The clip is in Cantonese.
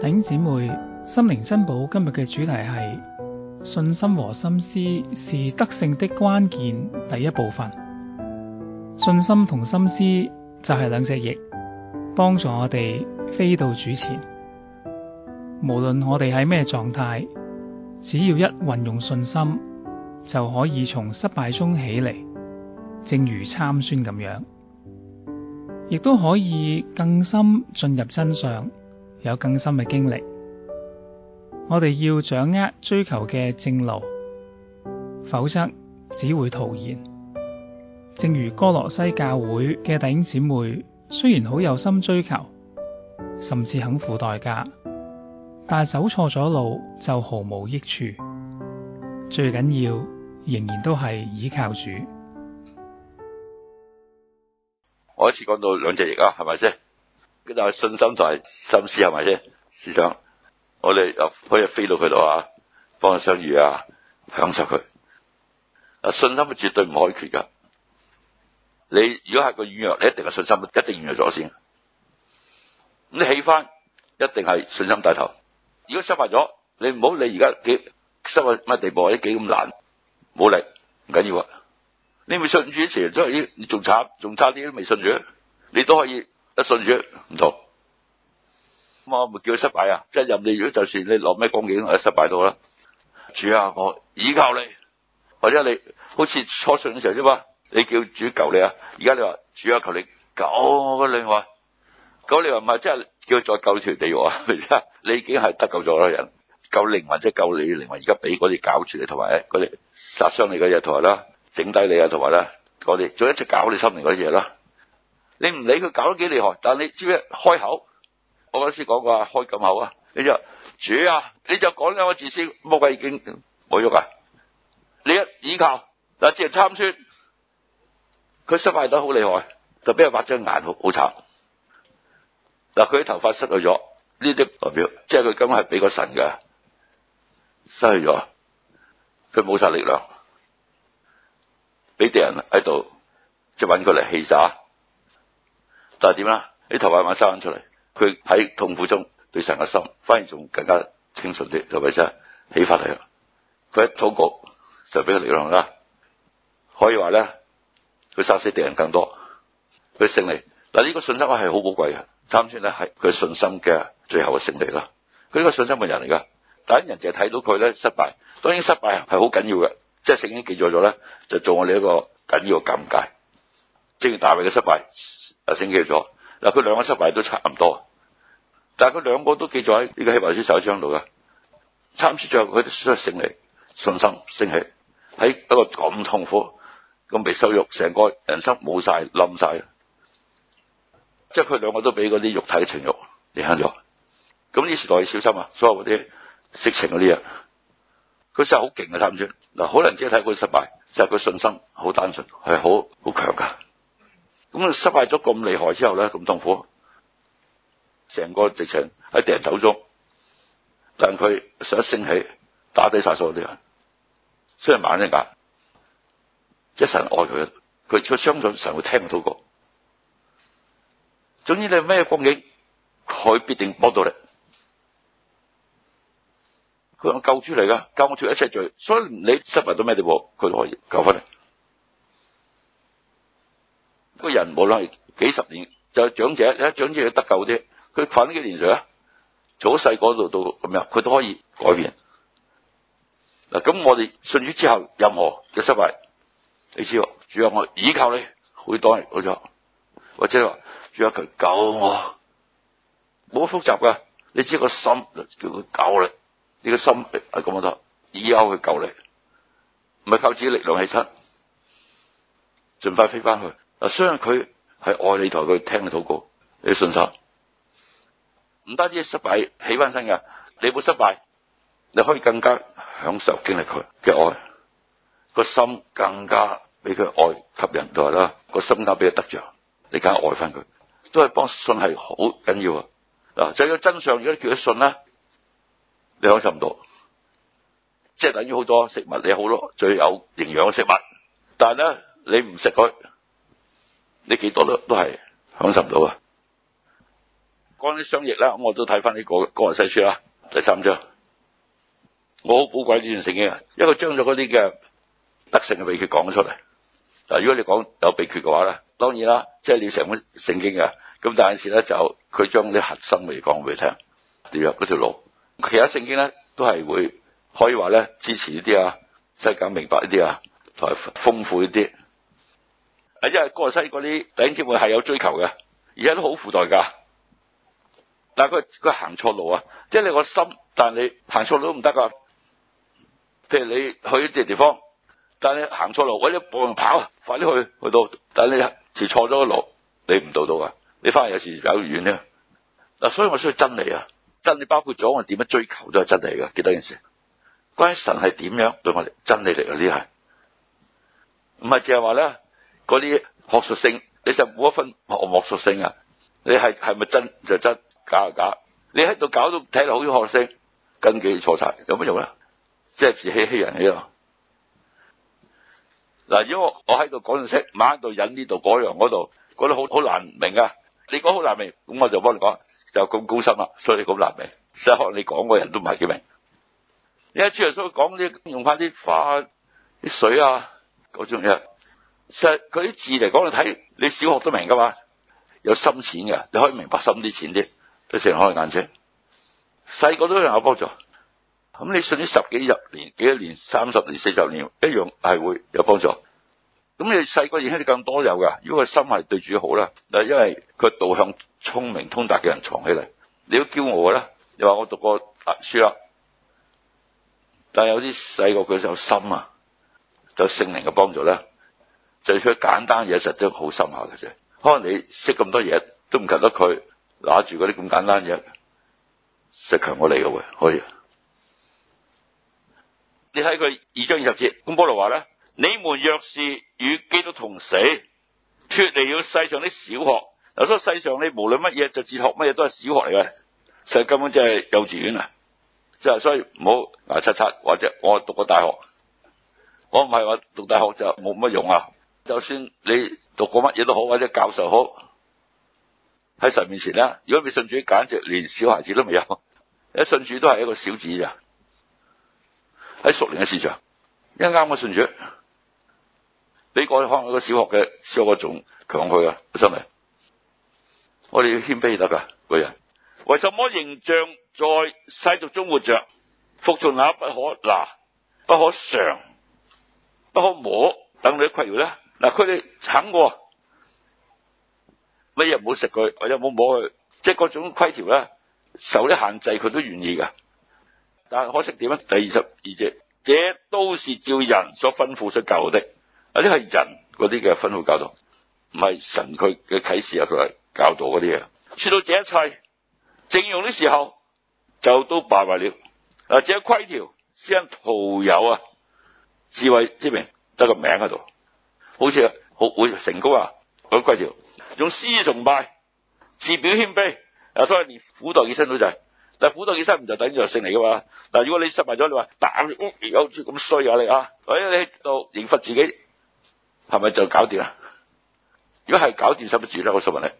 弟兄姐妹，心靈珍寶今日嘅主題係信心和心思是得勝的關鍵。第一部分，信心同心思就係兩隻翼，幫助我哋飛到主前。無論我哋喺咩狀態，只要一運用信心，就可以從失敗中起嚟，正如參孫咁樣，亦都可以更深進入真相。有更深嘅經歷，我哋要掌握追求嘅正路，否則只會徒然。正如哥羅西教會嘅弟兄姊妹，雖然好有心追求，甚至肯付代價，但係走錯咗路就毫無益處。最緊要仍然都係倚靠主。我一次講到兩隻翼啊，係咪先？信心就係心思，係咪先？試想我哋可以飛到佢度啊，幫佢相遇啊，享受佢。啊，信心係絕對唔可以缺噶。你如果係個軟弱，你一定係信心，一定軟弱咗先。咁你起翻，一定係信心帶頭。如果失敗咗，你唔好理而家幾失敗乜地步，啲幾咁難，冇力唔緊要啊。你咪信住啲成日都係咦，你仲慘，仲差啲都未信住，你都可以。一信主唔同，咁我咪叫佢失敗啊！即係任你，如果就算你攞咩光景，誒，失敗到啦！主啊，我依靠你，或者你好似初信嘅時候啫嘛，你叫主救你啊！而家你話主啊，求你救我嘅靈魂，咁你話唔係即係叫再救條地獄喎。你已經係得救咗啦，人救靈魂即係救你嘅靈魂，而家俾嗰啲搞住你，同埋嗰啲殺傷你嘅嘢，同埋啦整低你啊，同埋啦嗰啲，再一直搞你心靈嗰啲嘢啦。你唔理佢搞得幾厲害，但係你知唔知開口？我嗰時講過開咁口啊，你就主啊，你就講兩個字先。魔鬼已經冇喐啊！你一倚靠嗱，即係參孫，佢失敗得好厲害，就俾人挖咗眼，好慘嗱。佢啲頭髮失去咗，呢啲代表即係佢今日係俾個神㗎，失去咗，佢冇晒力量，俾敵人喺度即搵佢嚟氣炸。但係點啦？你頭髮慢慢生出嚟，佢喺痛苦中對神嘅心，反而仲更加清純啲，係咪先？起發嚟啊！佢一禱告就俾佢力量啦。可以話咧，佢殺死敵人更多，佢勝利。但呢個信心係好寶貴嘅，參孫咧係佢信心嘅最後嘅勝利啦。佢呢個信心嘅人嚟噶，但人淨係睇到佢咧失敗。當然失敗係好緊要嘅，即係聖經記載咗咧，就做我哋一個緊要嘅鑒戒。正如大衛嘅失敗又升起咗嗱，佢兩個失敗都差唔多，但係佢兩個都記載喺呢個希伯來書十一章度嘅。參孫最後佢輸出勝利，信心升起喺一個咁痛苦咁被羞辱，成個人生冇晒，冧曬，即係佢兩個都俾嗰啲肉體嘅情慾影響咗。咁呢時代要小心啊！所有嗰啲色情嗰啲嘢，佢真係好勁嘅參孫嗱。可能只係睇佢啲失敗，就係、是、佢信心好單純係好好強噶。咁啊！失敗咗咁厲害之後咧，咁痛苦，成個直情喺敵人手中，但佢想升起，打低曬所有啲人，雖然萬一格，即神愛佢，佢佢相信神會聽到佢。總之你係咩光景，佢必定幫到你。佢係救主嚟噶，救我脫一切罪。所以你失敗到咩地步，佢就可以救翻你。個人無論係幾十年，就係、是、長者，一長者得救啫。佢困幾年水啊？從細度，到咁樣，佢都可以改變嗱。咁我哋信主之後，任何嘅失敗，你知喎？主要我依靠你多人冇錯，或者話主要佢救我，冇乜複雜噶。你知個心叫佢救你，你、這個心係咁多，依靠佢救你，唔係靠自己力量起身，盡快飛翻去。啊！雖然佢係愛你台，佢聽你禱告，你信心唔單止失敗起翻身噶，你冇失敗，你可以更加享受經歷佢嘅愛，個心更加俾佢愛及人台啦。個心交俾佢得着，你梗係愛翻佢，都係幫信係好緊要啊！嗱，就係個真相，如果你叫佢信啦，你享受唔到，即係等於好多食物，你有好多最有營養嘅食物，但係咧你唔食佢。呢幾多都都係享受唔到啊！講啲商翼啦，咁我都睇翻呢個《歌羅西書》啦，第三章。我好寶貴呢段聖經，因為佢將咗嗰啲嘅德性嘅秘訣講咗出嚟。嗱，如果你講有秘訣嘅話咧，當然啦，即係你成本聖經嘅，咁但係呢，咧就佢將啲核心嘅嘢講俾你聽，點入嗰條路。其他聖經咧都係會可以話咧支持一啲啊，西解明白一啲啊，同埋豐富一啲。因為馬西嗰啲頂尖之輩係有追求嘅，而家都好付代價。但係佢佢行錯路啊！即係你個心，但係你行錯路都唔得噶。譬如你去啲地方，但係你行錯路，我一步人跑，快啲去去到，但係你自錯咗個路，你唔到到啊！你翻嚟，有時走遠啲。嗱，所以我需要真理啊！真理包括咗我點樣追求都係真理嘅。記得件事，關於神係點樣對我哋真理嚟嘅呢？係唔係淨係話咧？嗰啲學術性，你就冇一分學學術性啊！你係係咪真就真，假就假。你喺度搞到睇落好啲學術，根基錯晒，有乜用啊？即係自欺欺人起啊！嗱，如果我喺度講陣時，猛喺度引呢度嗰樣嗰度，覺得好好難明啊！你講好難明，咁我就幫你講，就咁高深啦，所以你咁難明。即係學你講嘅人都唔係幾明。而家朱所以講啲用翻啲花啲水啊嗰種嘢。其實佢啲字嚟講，你睇你小學都明噶嘛，有深淺嘅，你可以明白深啲淺啲。對成人開眼睛，細個都有有幫助。咁你信咗十幾、十年、幾多年、三十年、四十年，一樣係會有幫助。咁你細個認識得更多有噶，如果佢心係對住好啦。嗱、就是，因為佢導向聰明通達嘅人藏起嚟。你都驕傲啦，又話我讀過啊書啦。但係有啲細個佢就心啊，就是、聖靈嘅幫助啦。最、就、出、是、簡單嘢，實都好深下嘅啫。可能你識咁多嘢都唔及得佢，拿住嗰啲咁簡單嘢，實強過你嘅可以。你睇佢二章二十節，咁保羅話咧：，你們若是與基督同死，脱離了世上啲小學。嗱，所以世上你無論乜嘢，就哲學乜嘢都係小學嚟嘅，實根本即係幼稚園啊！就係所以唔好牙七七，或者我讀過大學，我唔係話讀大學就冇乜用啊。就算你讀過乜嘢都好，或者教授好，喺神面前咧，如果未信主，簡直連小孩子都未有。一信主都係一個小子咋？喺熟年嘅市場，一啱嘅信主，你過去看個小學嘅小學總強佢啊，得未？我哋要謙卑得噶個人。為什麼仍像在世俗中活着，服從那不可拿，不可嘗，不可摸，等類的規條咧？嗱，佢哋肯喎，乜嘢唔好食佢，我又冇摸佢，即係各種規條咧，受啲限制，佢都願意噶。但係可惜點咧？第二十二節，這都是照人所吩咐，所教的，啊！啲係人嗰啲嘅吩咐教導，唔係神佢嘅啟示啊，佢係教導嗰啲啊。説到這一切正用的時候，就都敗壞了嗱。這些規條，使人徒有啊、智慧之名，得個名喺度。好似啊，好會成功啊！嗰啲規條用私意崇拜，自表謙卑，啊，所以連苦待己身都就係、是，但係苦待己身唔就等於就勝嚟噶嘛？但係如果你失敗咗，你話打有住咁衰啊你啊，你喺度刑罰自己，係咪就搞掂啊？如果係搞掂，使乜住咧？我想問你。